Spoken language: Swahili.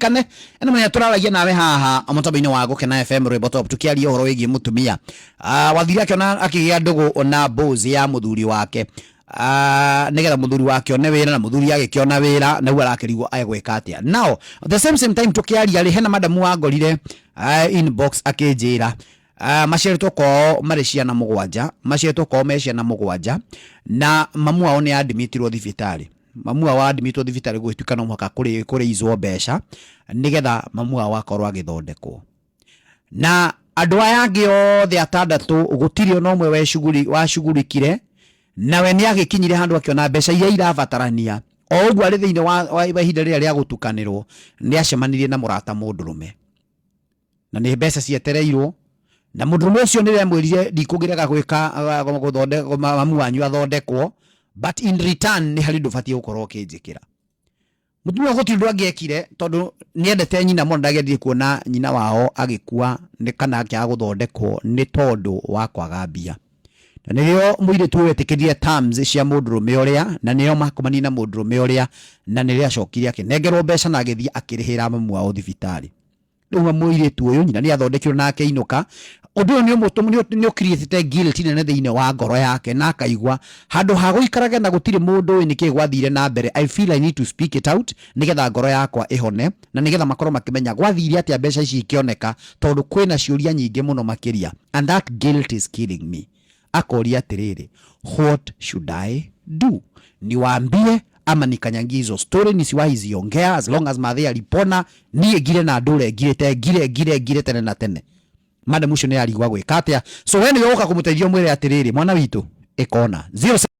turirikane ena menya turaragia nawe haha mutambaini wa gukena FM rwimbo top tukiaria uhoro wigie mutumia ah, wathire akiona akigia ndugu na bozi ya muthuri wake ah, nigetha muthuri wake one wira na muthuri agikiona wira na u arakirigwo egwika atia nao the same same time tukiaria ri hena madamu wangorire ah, inbox akinjira Uh, maciaritwo kwao marĩ ciana mũgwanja maciaritwo kwao me ciana mũgwanja na mamu wao nĩ admitirwo thibitarĩ mamua wa admitwo thibitari gwituika no muhaka izwo mbeca nigetha mamua wakorwo agithondekwo na andu aya angi othe atandatu gutiri ona umwe washugurikire nawe ni kinyire handu akiona mbeca iria irabatarania o uguo ari thiini wa ihinda riria ria gutukanirwo ni acemanirie na murata mundurume na ni mbeca cietereirwo na mundurume ucio ni remwirire ndikugerega gwika mamu wanyu athondekwo but in return nä harä ndå batiä gå korwo å njä kä ra må tumia gå ti ndå ekire tondå nä endete nyina må ndagendire kuona nyina wao agä kua kana kana akĩaga gå thondekwo nä tondå wa kwaga mbia na nä rä o må irä tu wetä kä rire cia må ndå rå me å rä a na nä rä na må ndå rå me å rä a na nä rä acokire akä nengerwo mbeca na agä thiä akä rä hä ra mamu wao thibitarä ndunga muiritu uyu nyina ni athondekirwo na akeinuka undu uyu ni umutu ni ukiriitite guilt nene thiini wa ngoro yake na akaigua handu ha guikarage na gutiri mundu uyu niki gwathire na mbere i feel i need to speak it out nigetha ngoro yakwa ihone na nigetha makorwo makimenya gwathire atia mbeca ici ikioneka tondu kwina ciuria nyingi muno makiria and that guilt is killing me akoria atiriri what should i do niwaambie ama nikanyagizo story nisiwahi ziongea as long as mathe alipona nie ngire na ndure te ngire ngire ngire tene na tene made mucio ni arigwa gwika so we ni woka kumuteithia mwire atiriri mwana witu ikona